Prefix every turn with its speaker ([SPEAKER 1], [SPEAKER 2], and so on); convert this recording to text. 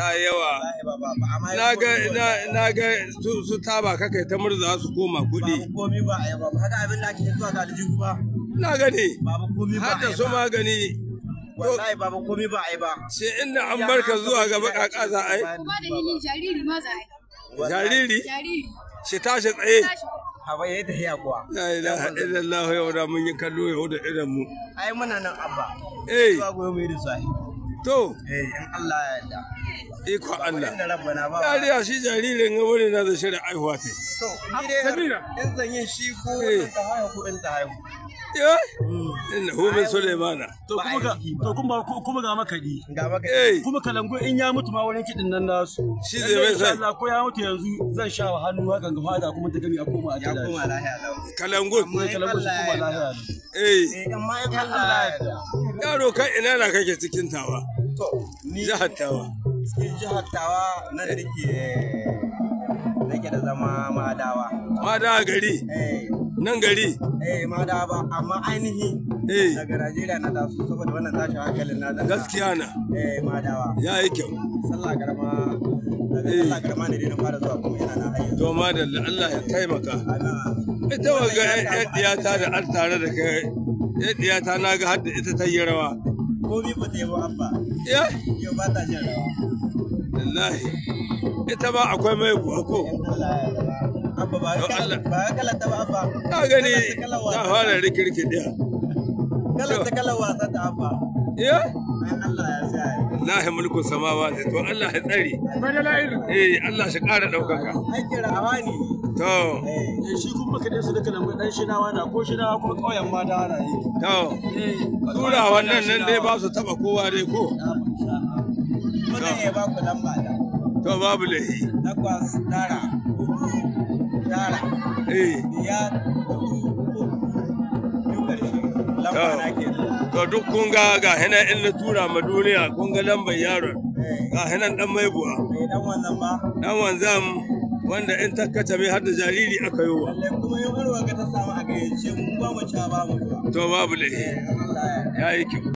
[SPEAKER 1] ta yawa na ga na ga su su taba kai ta murza su koma kudi ba komi ba ai ba haka abin da ake zuwa ga aljihu ba na gani ba komi ba har da ma gani wallahi ba komi ba ai ba ce inda an barka zuwa ga baka kaza ai kuma da hinin jariri ma za ai jariri shi tashi tsaye haba yayi da hiya kuwa la ilaha illallah yau da mun yi kallo yau da idan mu ai muna nan abba eh zuwa goyo mai yi da sai to eh in Allah ya yarda iko Allah inna rabbana ba dariya shi jaririn ga wani na da shirin aihuwa tai to ni dai yanzu yin shi ko eh. ta haihu ko in ta haihu Eh? Inna humin Suleimana. To kuma ga kuma ga makadi. Ga makadi. Kuma kalango in ya mutu ma wurin kidin nan nasu. Shi zai mai sai. Allah ko ya mutu yanzu zan sha wa hannu hakan ga fada kuma ta gani a koma a gida. Ya koma lahiya Kalango. Amma kalango shi koma Eh. Amma ya Yaro kai ina na kake cikin tawa. To ni jihar tawa. Cikin jihar tawa na da nake eh, nake da zama madawa. Madawa gari. Eh. nan gari eh ma da ba amma ainihi eh daga Najeriya na da su saboda wannan tashi hankalin na da gaskiya na eh ma da ba ya yi kyau sallah garma daga eh. sallah garma ne da fara zuwa kuma yana na hayya to ma da Allah ya taimaka ita waga ya diya ta da an tare da kai ya diya ta na ga hadda ita ta yi rawa ko bi ba ta yi ba abba ya yo ba ta jin rawa wallahi ita ba akwai mai ko Abba ba ya kalata ba abba. Ka gani ta fara rikirki wasa ta abba. Ya? Allah ya mulkun samawa da to Allah ya tsare. Eh Allah shi ƙara ɗaukaka. Aiki rahamani. To. Eh. eh shi kuma ka dai su duka nan dan shinawa na ko shinawa kuma ƙauyen ma da ana yi. To. Tura eh. wannan nan dai ba su kowa dai ko. Ah, ba ku lamba da. To babu lahi. Takwas tara biyar eh. to duk kun ga ga hina in na tura ma duniya kun ga lambar yaron eh. ga hinan dan mai buwa dan eh, wanzan ba dan wanzan wanda in takkace mai har da jariri aka yi wa kuma ga ta samu a gayyace mu ba mu ba mu to babu lahi yi kyau